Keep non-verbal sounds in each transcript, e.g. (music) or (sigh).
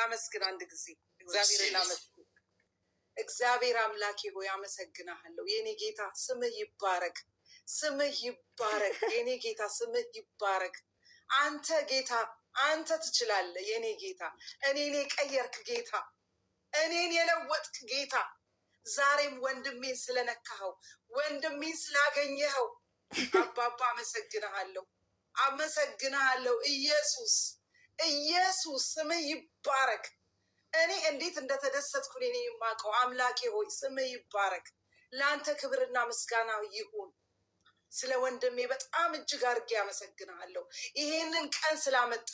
ላመስግን አንድ ጊዜ እግዚአብሔርን ላመስግን። እግዚአብሔር አምላኬ ሆይ አመሰግናሃለሁ። የኔ ጌታ ስምህ ይባረግ፣ ስምህ ይባረግ። የኔ ጌታ ስምህ ይባረግ አንተ ጌታ አንተ ትችላለህ። የኔ ጌታ እኔን የቀየርክ ጌታ፣ እኔን የለወጥክ ጌታ፣ ዛሬም ወንድሜን ስለነካኸው፣ ወንድሜን ስላገኘኸው አባባ አመሰግናሃለሁ፣ አመሰግናሃለሁ ኢየሱስ ኢየሱስ ስምህ ይባረክ። እኔ እንዴት እንደተደሰትኩ እኔ የማውቀው አምላኬ ሆይ ስምህ ይባረክ። ለአንተ ክብርና ምስጋና ይሁን። ስለ ወንድሜ በጣም እጅግ አድርጌ አመሰግናለሁ። ይሄንን ቀን ስላመጣ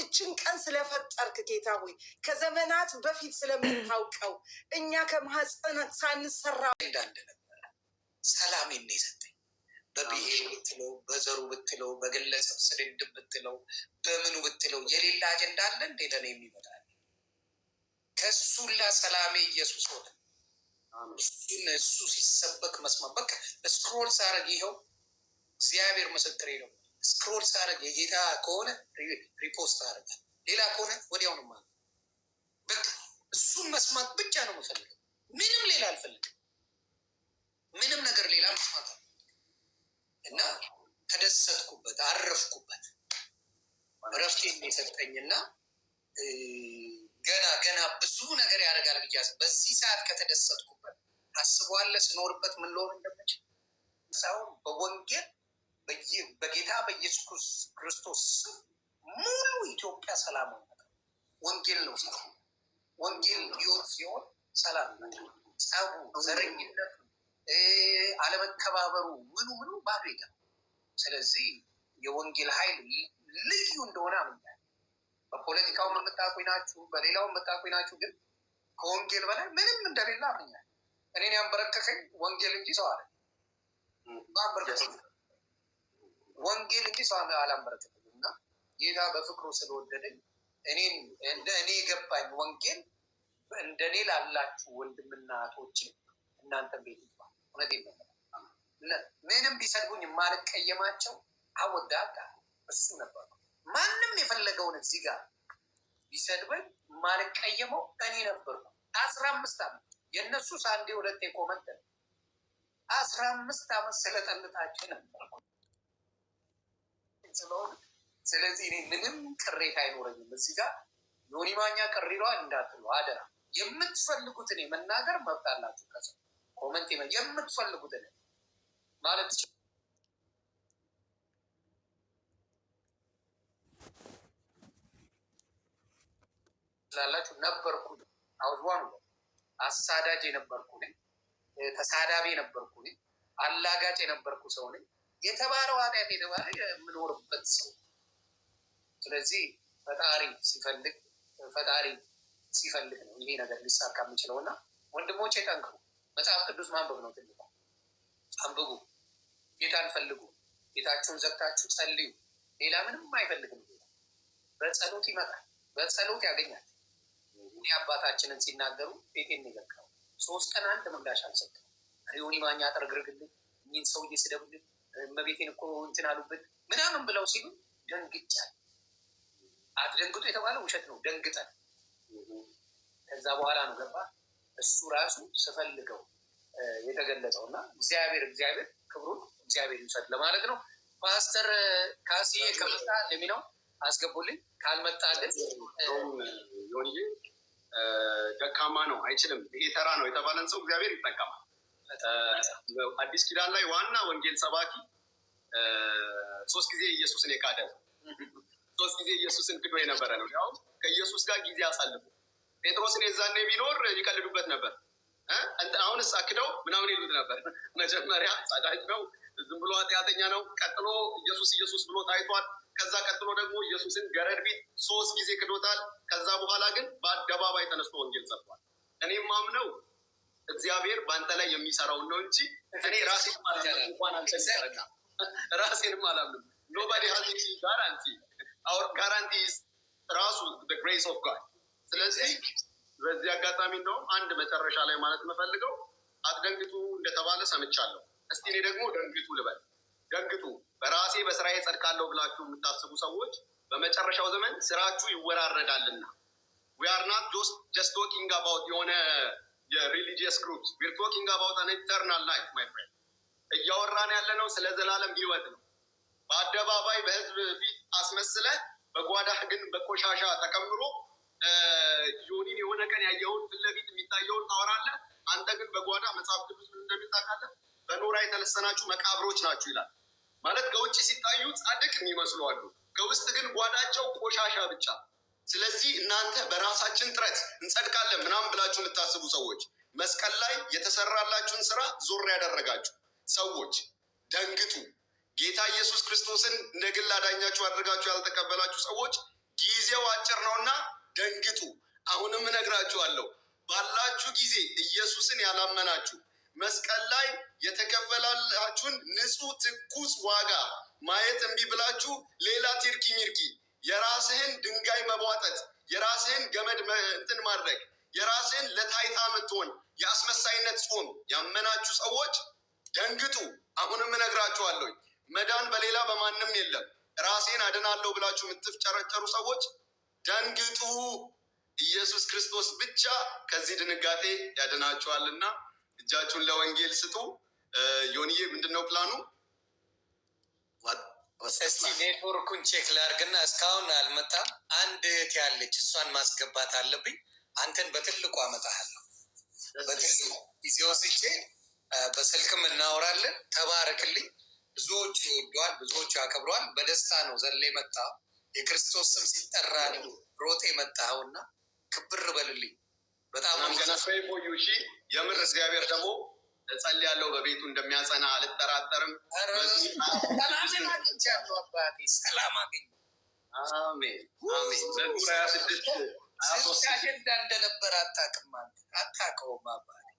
እችን ቀን ስለፈጠርክ ጌታ ሆይ ከዘመናት በፊት ስለምታውቀው እኛ ከማህፀን ሳንሰራ እንዳንድ ነበረ። ሰላሜን ነው የሰጠኝ። በብሔር ብትለው፣ በዘሩ ብትለው፣ በግለሰብ ስድድ ብትለው በምኑ ብትለው የሌላ አጀንዳ አለ እንዴ? ለእኔ የሚመጣል ከእሱላ ሰላሜ ኢየሱስ ሆነ። እሱን እሱ ሲሰበክ መስማ በቃ ስክሮል ሳረግ ይኸው እግዚአብሔር ምስክሬ ነው። ስክሮል ሳረግ የጌታ ከሆነ ሪፖስት አረጋል፣ ሌላ ከሆነ ወዲያውኑ ማለት በቃ እሱን መስማት ብቻ ነው የምፈልገው። ምንም ሌላ አልፈልግም። ምንም ነገር ሌላ መስማት አልፈልግም እና ተደሰትኩበት፣ አረፍኩበት። እረፍቴን የሰጠኝና ገና ገና ብዙ ነገር ያደርጋል ብያ በዚህ ሰዓት ከተደሰጥኩበት ታስቧለ ስኖርበት ምን ልሆን እንደምችል ሳይሆን በወንጌል በጌታ በኢየሱስ ክርስቶስ ስም ሙሉ ኢትዮጵያ ሰላም ወንጌል ነው። ሰላም ወንጌል ህይወት ሲሆን ሰላም ጸቡ፣ ዘረኝነቱ፣ አለመከባበሩ ምኑ ምኑ ባዶ ይገ ስለዚህ የወንጌል ኃይል ልዩ እንደሆነ አምኛለሁ። በፖለቲካው የምታውቁኝ ናችሁ፣ በሌላው የምታውቁኝ ናችሁ። ግን ከወንጌል በላይ ምንም እንደሌለ አምኛል። እኔን ያንበረከከኝ ወንጌል እንጂ ሰው አለ ወንጌል እንጂ ሰው አላንበረከከኝ እና ጌታ በፍቅሩ ስለወደደኝ እኔን እንደ እኔ የገባኝ ወንጌል እንደ እኔ ላላችሁ ወንድምና እህቶቼ እናንተ ቤት ይባል እውነት ምንም ቢሰድቡኝ የማልቀየማቸው አወዳ እሱ ነበር። ማንም የፈለገውን እዚህ ጋር ቢሰድበኝ ማልቀየመው እኔ ነበርኩ። አስራ አምስት ዓመት የእነሱ ሳንዴ ሁለቴ ኮመንት አስራ አምስት ዓመት ስለጠልጣችን ነበርኩ። ስለዚህ እኔ ምንም ቅሬታ አይኖረኝም። እዚህ ጋር ዮኒ ማኛ ቅር ይለዋል እንዳትሉ አደራ። የምትፈልጉትን የመናገር መብት አላችሁ። ከሰው ኮመንት የምትፈልጉትን ማለት ይችላል። ትችላላችሁ። ነበርኩ አውዝዋኑ አሳዳጅ የነበርኩ ነኝ፣ ተሳዳቢ የነበርኩ ነኝ፣ አላጋጭ የነበርኩ ሰው ነኝ። የተባለው ኃጢአት የተባለ የምኖርበት ሰው። ስለዚህ ፈጣሪ ሲፈልግ ፈጣሪ ሲፈልግ ነው ይሄ ነገር ሊሳካ የምችለው እና ወንድሞቼ ጠንክሩ። መጽሐፍ ቅዱስ ማንበብ ነው ትልቁ። አንብቡ፣ ጌታን ፈልጉ፣ ጌታችሁን ዘግታችሁ ጸልዩ። ሌላ ምንም አይፈልግም። በጸሎት ይመጣል፣ በጸሎት ያገኛል። እኔ አባታችንን ሲናገሩ ቤቴን የዘጋው ሶስት ቀን አንድ ምላሽ አልሰጠም። ሪዮኒ ማኛ ጠርግርግልን እኝን ሰውዬ ስደቡልን እመቤቴን እኮ እንትን አሉብን ምናምን ብለው ሲሉ ደንግጫል። አትደንግጡ የተባለው ውሸት ነው። ደንግጠን ከዛ በኋላ ነው ገባ እሱ ራሱ ስፈልገው የተገለጸው እና እግዚአብሔር እግዚአብሔር ክብሩን እግዚአብሔር ይውሰድ ለማለት ነው። ፓስተር ካሲዬ ከመጣ ለሚለው አስገቡልኝ ካልመጣልን ደካማ ነው፣ አይችልም፣ ይሄ ተራ ነው የተባለን ሰው እግዚአብሔር ይጠቀማል። አዲስ ኪዳን ላይ ዋና ወንጌል ሰባኪ ሶስት ጊዜ ኢየሱስን የካደ ነው። ሶስት ጊዜ ኢየሱስን ክዶ የነበረ ነው። ያው ከኢየሱስ ጋር ጊዜ አሳልፉ። ጴጥሮስን የዛኔ ቢኖር ይቀልዱበት ነበር። አሁን አሁንስ አክደው ምናምን ይሉት ነበር። መጀመሪያ ጸዳጅ ነው፣ ዝም ብሎ ኃጢአተኛ ነው። ቀጥሎ ኢየሱስ ኢየሱስ ብሎ ታይቷል። ከዛ ቀጥሎ ደግሞ ኢየሱስን ገረድ ፊት ሶስት ጊዜ ክዶታል። ከዛ በኋላ ግን በአደባባይ ተነስቶ ወንጌል ሰጥቷል። እኔም ማምነው እግዚአብሔር በአንተ ላይ የሚሰራውን ነው እንጂ እኔ ራሴን ራሴንም አላምንም። ኖባዲ ሀዝ ጋራንቲ አወር ጋራንቲ ራሱ ግሬስ ኦፍ ጋድ። ስለዚህ በዚህ አጋጣሚ ነው አንድ መጨረሻ ላይ ማለት የምፈልገው አትደንግጡ እንደተባለ ሰምቻለሁ። እስቲ እኔ ደግሞ ደንግጡ ልበል። ደንግጡ። በራሴ በስራዬ ጸድቃለሁ ብላችሁ የምታስቡ ሰዎች በመጨረሻው ዘመን ስራችሁ ይወራረዳልና ዊአርናት ጀስት ቶኪንግ አባውት የሆነ የሪሊጂየስ ግሩፕስ ዊር ቶኪንግ አባውት አን ኢተርናል ላይፍ ማይ ፍሬንድ። እያወራን ያለ ነው ስለ ዘላለም ህይወት ነው። በአደባባይ በህዝብ ፊት አስመስለ በጓዳህ ግን በቆሻሻ ተከምሮ ዮኒን የሆነ ቀን ያየውን ፊት ለፊት የሚታየውን ታወራለህ። አንተ ግን በጓዳ መጽሐፍ ቅዱስ ምን እንደሚታቃለህ በኖራ የተለሰናችሁ መቃብሮች ናችሁ ይላል። ማለት ከውጭ ሲታዩ ጻድቅ የሚመስሉ አሉ፣ ከውስጥ ግን ጓዳቸው ቆሻሻ ብቻ። ስለዚህ እናንተ በራሳችን ጥረት እንጸድቃለን ምናምን ብላችሁ የምታስቡ ሰዎች፣ መስቀል ላይ የተሰራላችሁን ስራ ዞር ያደረጋችሁ ሰዎች ደንግጡ። ጌታ ኢየሱስ ክርስቶስን እንደ ግል አዳኛችሁ አድርጋችሁ ያልተቀበላችሁ ሰዎች ጊዜው አጭር ነውና ደንግጡ። አሁንም እነግራችኋለሁ ባላችሁ ጊዜ ኢየሱስን ያላመናችሁ መስቀል ላይ የተከፈላችሁን ንጹህ ትኩስ ዋጋ ማየት እምቢ ብላችሁ ሌላ ቲርኪ ሚርኪ የራስህን ድንጋይ መቧጠጥ፣ የራስህን ገመድ እንትን ማድረግ፣ የራስህን ለታይታ ምትሆን የአስመሳይነት ጾም ያመናችሁ ሰዎች ደንግጡ። አሁንም እነግራችኋለሁ መዳን በሌላ በማንም የለም። ራሴን አድናለሁ ብላችሁ የምትፍጨረጨሩ ሰዎች ደንግጡ። ኢየሱስ ክርስቶስ ብቻ ከዚህ ድንጋጤ ያድናችኋልና እጃችሁን ለወንጌል ስጡ። ምንድን ምንድነው ፕላኑ? እስቲ ኔትወርኩን ቼክ ላርግና እስካሁን አልመጣም። አንድ እህት ያለች እሷን ማስገባት አለብኝ። አንተን በትልቁ አመጣሃለሁ። በትልቁ ጊዜ ወስጄ በስልክም እናወራለን። ተባረክልኝ። ብዙዎቹ ይወደዋል፣ ብዙዎቹ ያከብረዋል። በደስታ ነው ዘላ የመጣው የክርስቶስ ስም ሲጠራ ሮጤ የመጣኸውና ክብር በልልኝ። በጣም ቆዩ። እሺ የምር እግዚአብሔር ደግሞ እጸልያለሁ በቤቱ እንደሚያጸና አልጠራጠርም። አጀንዳ እንደነበረ አታውቅም አታውቀውም። አባቴ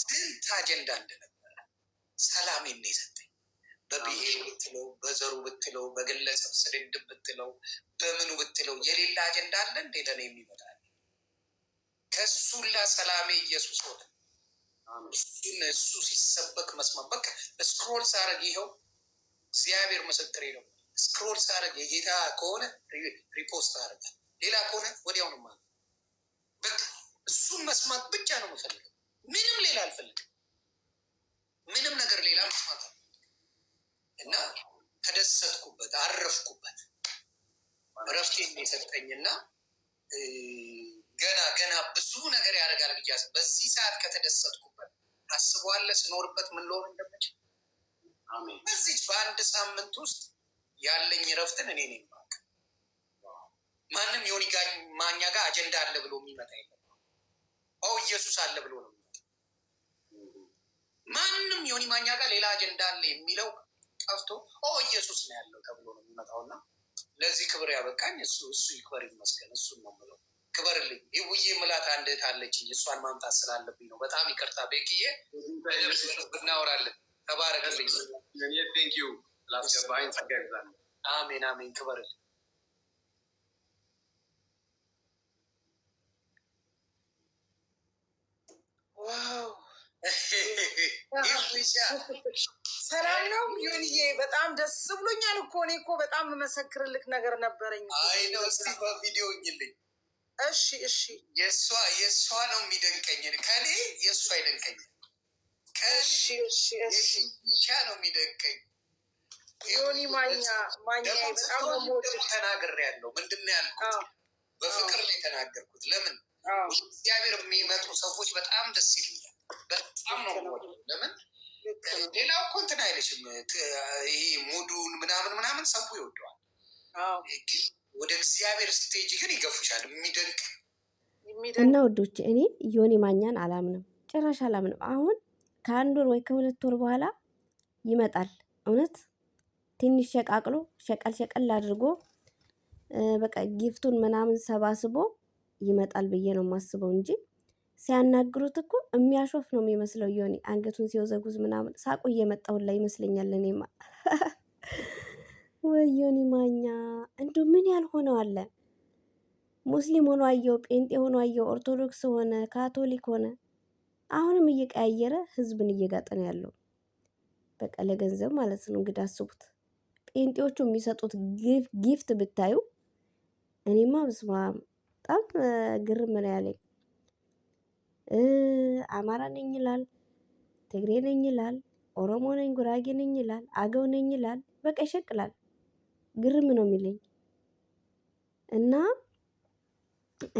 ስንት አጀንዳ እንደነበረ ነው የሰጠኝ። በብሔር ብትለው፣ በዘሩ ብትለው፣ በግለሰብ ስድድ ብትለው፣ በምኑ ብትለው የሌላ አጀንዳ አለ እንዴ ለኔ የሚመጣ ከሱላ ሰላሜ ኢየሱስ ሆነ። እሱን እሱ ሲሰበክ መስማት በቃ ስክሮል ሳረግ ይኸው እግዚአብሔር ምስክሬ ነው። ስክሮል ሳረግ የጌታ ከሆነ ሪፖስት አረጋል፣ ሌላ ከሆነ ወዲያውን ማ በቃ እሱን መስማት ብቻ ነው የምፈልገው። ምንም ሌላ አልፈልግም። ምንም ነገር ሌላ መስማት አለ እና ተደሰትኩበት፣ አረፍኩበት። እረፍቴ የሰጠኝና ገና ገና ብዙ ነገር ያደርጋል ብያስ በዚህ ሰዓት ከተደሰትኩበት ታስቧለ ስኖርበት ምን ልሆን እንደምችል በዚች በአንድ ሳምንት ውስጥ ያለኝ እረፍትን እኔ ነኝ ማቅ ማንም የሆኒ ማኛ ጋር አጀንዳ አለ ብሎ የሚመጣ የለም። አው ኢየሱስ አለ ብሎ ነው የሚመጣ። ማንም የሆኒ ማኛ ጋር ሌላ አጀንዳ አለ የሚለው ጠፍቶ ኦ ኢየሱስ ነው ያለው ተብሎ ነው የሚመጣውና ለዚህ ክብር ያበቃኝ እሱ እሱ ይክበር ይመስገን። እሱን ነው የምለው። ክበርልኝ ይውዬ ምላት አንድ እህት አለችኝ። እሷን ማምጣት ስላለብኝ ነው። በጣም ይቅርታ ቤክዬ እናወራለን። ተባረክልኝ። አሜን አሜን። ክበርልኝ። ሰላም ነው ዩንዬ፣ በጣም ደስ ብሎኛል እኮ እኔ እኮ በጣም መሰክርልክ ነገር ነበረኝ። አይ ነው እስቲ በቪዲዮ እኝልኝ እሺ እሺ፣ የእሷ የእሷ ነው የሚደንቀኝ፣ ከኔ የእሷ አይደንቀኝ። ከሻ ነው የሚደንቀኝ። ዮኒ ማኛ ማኛ በጣም ተናግር ያለው ምንድን ነው ያልኩት? በፍቅር ነው የተናገርኩት። ለምን እግዚአብሔር የሚመጡ ሰዎች በጣም ደስ ይሉኛል። በጣም ነው ለምን ሌላው እኮ እንትን አይለችም። ይሄ ሙዱን ምናምን ምናምን ሰው ይወደዋል። ወደ እግዚአብሔር ስቴጅ ግን ይገፉሻል። የሚደንቅ እና ውዶች፣ እኔ ዮኒ ማኛን አላምንም፣ ጭራሽ አላምንም። አሁን ከአንድ ወር ወይ ከሁለት ወር በኋላ ይመጣል። እውነት ትንሽ ሸቃቅሎ ሸቀል ሸቀል አድርጎ በቃ ጊፍቱን ምናምን ሰባስቦ ይመጣል ብዬ ነው የማስበው እንጂ ሲያናግሩት እኮ የሚያሾፍ ነው የሚመስለው። ዮኒ አንገቱን ሲወዘጉዝ ምናምን ሳቁ እየመጣ ሁላ ይመስለኛል እኔማ (laughs) ወዮኒ ማኛ እንዱ ምን ያልሆነው አለ? ሙስሊም ሆኖ አየው፣ ጴንጤ ሆኖ አየው፣ ኦርቶዶክስ ሆነ፣ ካቶሊክ ሆነ። አሁንም እየቀያየረ ህዝብን እየጋጠነ ያለው በቃ ለገንዘብ ማለት ነው። እንግዲህ አስቡት፣ ጴንጤዎቹ የሚሰጡት ጊፍት ብታዩ። እኔማ ብስማ በጣም ግርም ነው ያለኝ። አማራ ነኝ ይላል፣ ትግሬ ነኝ ይላል፣ ኦሮሞ ነኝ፣ ጉራጌ ነኝ ይላል፣ አገው ነኝ ይላል። በቃ ይሸቅላል። ግርም ነው የሚለኝ እና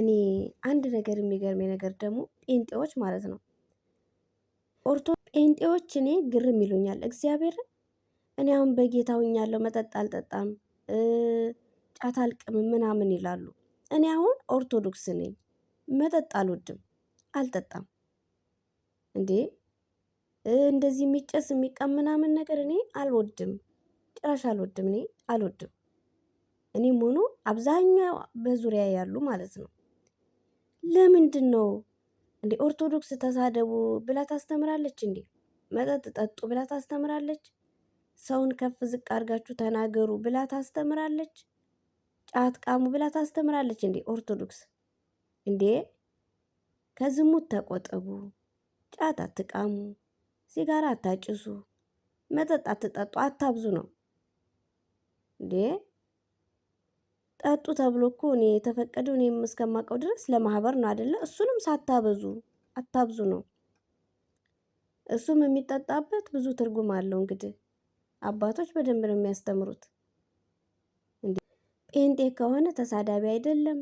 እኔ አንድ ነገር የሚገርመኝ ነገር ደግሞ ጴንጤዎች ማለት ነው ኦርቶ ጴንጤዎች እኔ ግርም ይሉኛል። እግዚአብሔር እኔ አሁን በጌታ ሁኛለሁ መጠጥ አልጠጣም ጫት አልቅም ምናምን ይላሉ። እኔ አሁን ኦርቶዶክስ ነኝ፣ መጠጥ አልወድም አልጠጣም። እንዴ እንደዚህ የሚጨስ የሚቀም ምናምን ነገር እኔ አልወድም፣ ጭራሽ አልወድም እኔ አልወድም። እኔም ሆኖ አብዛኛው በዙሪያ ያሉ ማለት ነው። ለምንድን ነው እንዴ ኦርቶዶክስ ተሳደቡ ብላ ታስተምራለች? እንዴ መጠጥ ጠጡ ብላ ታስተምራለች? ሰውን ከፍ ዝቅ አድርጋችሁ ተናገሩ ብላ ታስተምራለች? ጫት ቃሙ ብላ ታስተምራለች? እንዴ ኦርቶዶክስ እንዴ ከዝሙት ተቆጠቡ፣ ጫት አትቃሙ፣ ሲጋራ አታጭሱ፣ መጠጥ አትጠጡ፣ አታብዙ ነው። እንዴ ጠጡ ተብሎ እኮ እኔ የተፈቀደው እኔም እስከማውቀው ድረስ ለማህበር ነው አይደለ? እሱንም ሳታበዙ አታብዙ ነው። እሱም የሚጠጣበት ብዙ ትርጉም አለው። እንግዲህ አባቶች በደንብ ነው የሚያስተምሩት። እንዴ ጴንጤ ከሆነ ተሳዳቢ አይደለም፣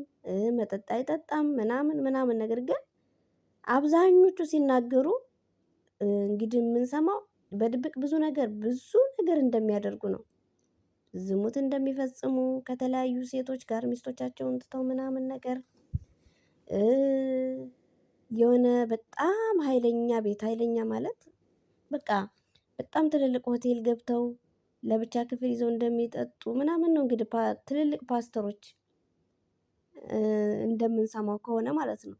መጠጥ አይጠጣም፣ ምናምን ምናምን። ነገር ግን አብዛኞቹ ሲናገሩ እንግዲህ የምንሰማው በድብቅ ብዙ ነገር ብዙ ነገር እንደሚያደርጉ ነው። ዝሙት እንደሚፈጽሙ ከተለያዩ ሴቶች ጋር ሚስቶቻቸውን ትተው ምናምን ነገር የሆነ በጣም ኃይለኛ ቤት ኃይለኛ ማለት በቃ በጣም ትልልቅ ሆቴል ገብተው ለብቻ ክፍል ይዘው እንደሚጠጡ ምናምን ነው እንግዲህ ትልልቅ ፓስተሮች እንደምንሰማው ከሆነ ማለት ነው።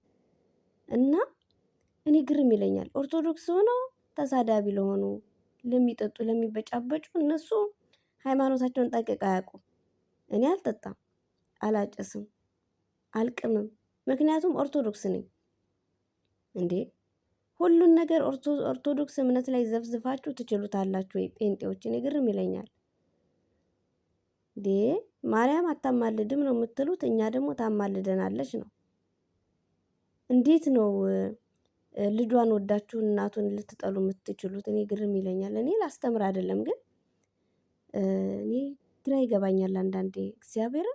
እና እኔ ግርም ይለኛል ኦርቶዶክስ ሆነው ተሳዳቢ ለሆኑ ለሚጠጡ ለሚበጫበጩ እነሱ ሃይማኖታቸውን ጠንቅቅ አያውቁም። እኔ አልጠጣም፣ አላጨስም፣ አልቅምም፣ ምክንያቱም ኦርቶዶክስ ነኝ። እንዴ ሁሉን ነገር ኦርቶዶክስ እምነት ላይ ዘፍዝፋችሁ ትችሉታላችሁ ወይ ጴንጤዎች? እኔ ግርም ይለኛል። ዴ ማርያም አታማልድም ነው የምትሉት፣ እኛ ደግሞ ታማልደናለች ነው። እንዴት ነው ልጇን ወዳችሁ እናቱን ልትጠሉ የምትችሉት? እኔ ግርም ይለኛል። እኔ ላስተምር አይደለም ግን እኔ ግራ ይገባኛል አንዳንዴ እግዚአብሔር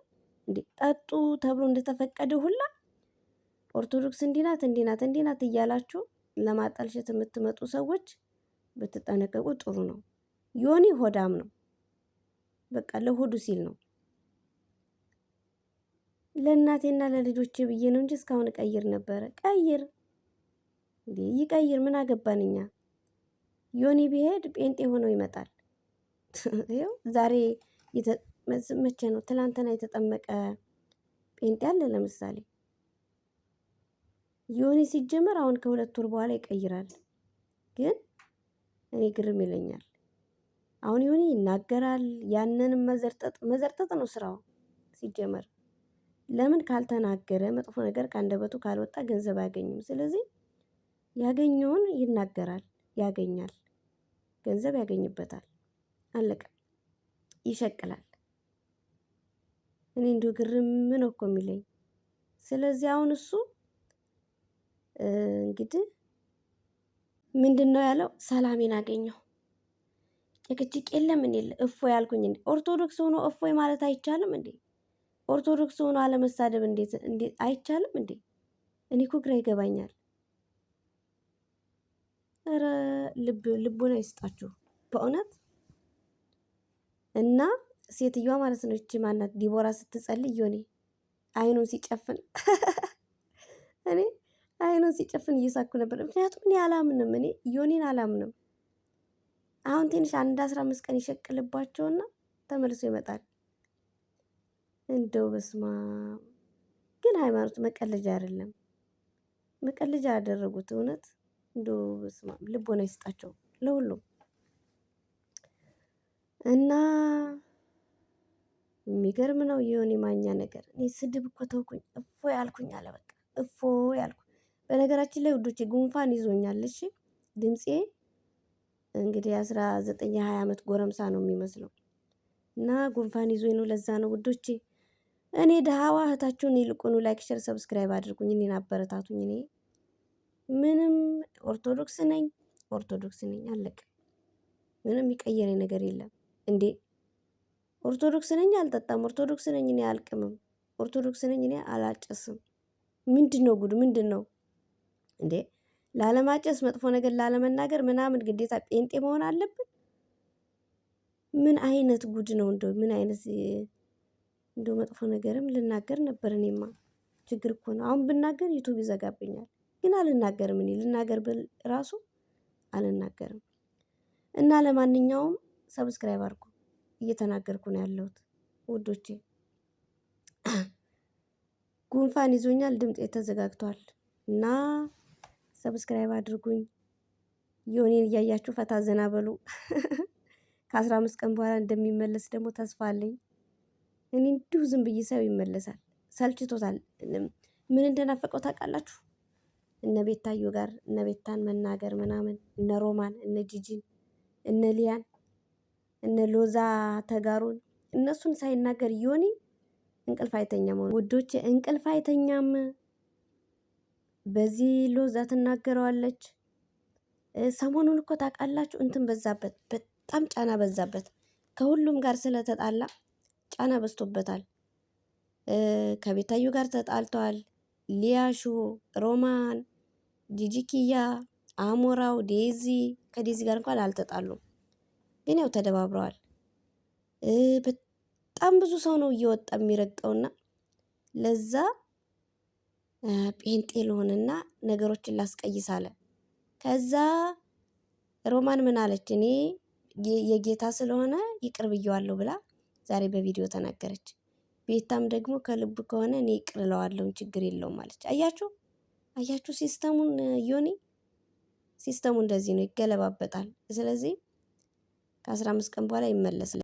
እንዴ ጠጡ ተብሎ እንደተፈቀደ ሁላ ኦርቶዶክስ እንዲናት እንዲናት እንዲናት እያላችሁ ለማጠልሸት የምትመጡ ሰዎች ብትጠነቀቁ ጥሩ ነው። ዮኒ ሆዳም ነው፣ በቃ ለሆዱ ሲል ነው። ለእናቴና ለልጆቼ ብዬ ነው እንጂ እስካሁን ቀይር ነበረ። ቀይር ይቀይር፣ ምን አገባን እኛ። ዮኒ ቢሄድ ጴንጤ ሆነው ይመጣል። ይኸው ዛሬ መቼ ነው? ትላንትና የተጠመቀ ጴንጤ አለ ለምሳሌ ዮኒ ሲጀመር አሁን ከሁለት ወር በኋላ ይቀይራል። ግን እኔ ግርም ይለኛል። አሁን ዮኒ ይናገራል። ያንንም መዘርጠጥ መዘርጠጥ ነው ስራው ሲጀመር። ለምን ካልተናገረ መጥፎ ነገር ከአንደበቱ ካልወጣ ገንዘብ አያገኝም። ስለዚህ ያገኘውን ይናገራል፣ ያገኛል፣ ገንዘብ ያገኝበታል። አለቀ። ይሸቅላል። እኔ እንዲሁ ግርም ነው እኮ የሚለኝ። ስለዚህ አሁን እሱ እንግዲህ ምንድን ነው ያለው? ሰላሜን አገኘው ጭቅጭቅ የለም። እኔ እፎ ያልኩኝ እንዴ! ኦርቶዶክስ ሆኖ እፎይ ማለት አይቻልም እንዴ? ኦርቶዶክስ ሆኖ አለመሳደብ እንዴት አይቻልም እንዴ? እኔ እኮ ግራ ይገባኛል። ኧረ ልብ ልቡን አይስጣችሁ በእውነት። እና ሴትዮዋ ማለት ነው እቺ ማናት ዲቦራ ስትጸልይ ዮኒ አይኑን ሲጨፍን (laughs) እኔ አይኑን ሲጨፍን እየሳኩ ነበር። ምክንያቱም እኔ አላምንም፣ እኔ ዮኒን አላምንም። አሁን ትንሽ አንድ አስራ አምስት ቀን ይሸቅልባቸውና ተመልሶ ይመጣል። እንደው በስማ ግን ሃይማኖት መቀለጃ አይደለም። መቀለጃ ያደረጉት እውነት እንደው በስማ ልቦና ይስጣቸው ለሁሉም። እና የሚገርም ነው የዮኒ ማኛ ነገር። እኔ ስድብ እኮ ተውኩኝ፣ እፎ ያልኩኝ አለ በቃ እፎ ያልኩ። በነገራችን ላይ ውዶቼ ጉንፋን ይዞኛል። እሺ ድምፄ እንግዲህ አስራ ዘጠኝ ሀያ ዓመት ጎረምሳ ነው የሚመስለው እና ጉንፋን ይዞኝ ነው። ለዛ ነው ውዶቼ እኔ ድሃዋ እህታችሁን ይልቁኑ ላይክ፣ ሸር፣ ሰብስክራይብ አድርጉኝ፣ እኔን አበረታቱኝ። እኔ ምንም ኦርቶዶክስ ነኝ ኦርቶዶክስ ነኝ አለቅ። ምንም ይቀየረኝ ነገር የለም። እንዴ ኦርቶዶክስ ነኝ አልጠጣም፣ ኦርቶዶክስ ነኝ እኔ አልቅምም፣ ኦርቶዶክስ ነኝ እኔ አላጨስም። ምንድን ነው ጉድ? ምንድን ነው እንዴ? ላለማጨስ መጥፎ ነገር ላለመናገር ምናምን ግዴታ ጴንጤ መሆን አለብን? ምን አይነት ጉድ ነው? እንደው ምን አይነት እንደው መጥፎ ነገርም ልናገር ነበር። እኔማ ችግር እኮ ነው። አሁን ብናገር ዩቱብ ይዘጋብኛል፣ ግን አልናገርም። እኔ ልናገር ብል ራሱ አልናገርም እና ለማንኛውም ሰብስክራይብ አድርጉ እየተናገርኩ ነው ያለሁት ውዶቼ። ጉንፋን ይዞኛል፣ ድምጤ ተዘጋግቷል እና ሰብስክራይብ አድርጉኝ። የሆኔን እያያችሁ ፈታ ዘና በሉ። (laughs) ከአስራ አምስት ቀን በኋላ እንደሚመለስ ደግሞ ተስፋ አለኝ። እኔ እንዲሁ ዝም ብዬ ሰው ይመለሳል። ሰልችቶታል። ምን እንደናፈቀው ታውቃላችሁ? እነ ቤታዮ ጋር እነ ቤታን መናገር ምናምን፣ እነ ሮማን፣ እነ ጂጂን፣ እነ ሊያን እነ ሎዛ ተጋሩን እነሱን ሳይናገር ዮኒ እንቅልፍ አይተኛም። ውዶች እንቅልፍ አይተኛም። በዚህ ሎዛ ትናገረዋለች። ሰሞኑን እኮ ታውቃላችሁ እንትን በዛበት፣ በጣም ጫና በዛበት። ከሁሉም ጋር ስለተጣላ ጫና በዝቶበታል። ከቤታዩ ጋር ተጣልተዋል። ሊያሹ፣ ሮማን፣ ጂጂኪያ፣ አሞራው፣ ዴዚ ከዴዚ ጋር እንኳን አልተጣሉም። ግን ያው ተደባብረዋል። በጣም ብዙ ሰው ነው እየወጣ የሚረግጠውና ለዛ ጴንጤ ልሆንና ነገሮችን ላስቀይሳለ። አለ። ከዛ ሮማን ምን አለች? እኔ የጌታ ስለሆነ ይቅር ብየዋለሁ ብላ ዛሬ በቪዲዮ ተናገረች። ቤታም ደግሞ ከልቡ ከሆነ እኔ ይቅር እለዋለሁ ችግር የለውም አለች። አያችሁ አያችሁ፣ ሲስተሙን ዮኒ ሲስተሙ እንደዚህ ነው፣ ይገለባበጣል። ስለዚህ ከአስራ አምስት ቀን በኋላ ይመለሳል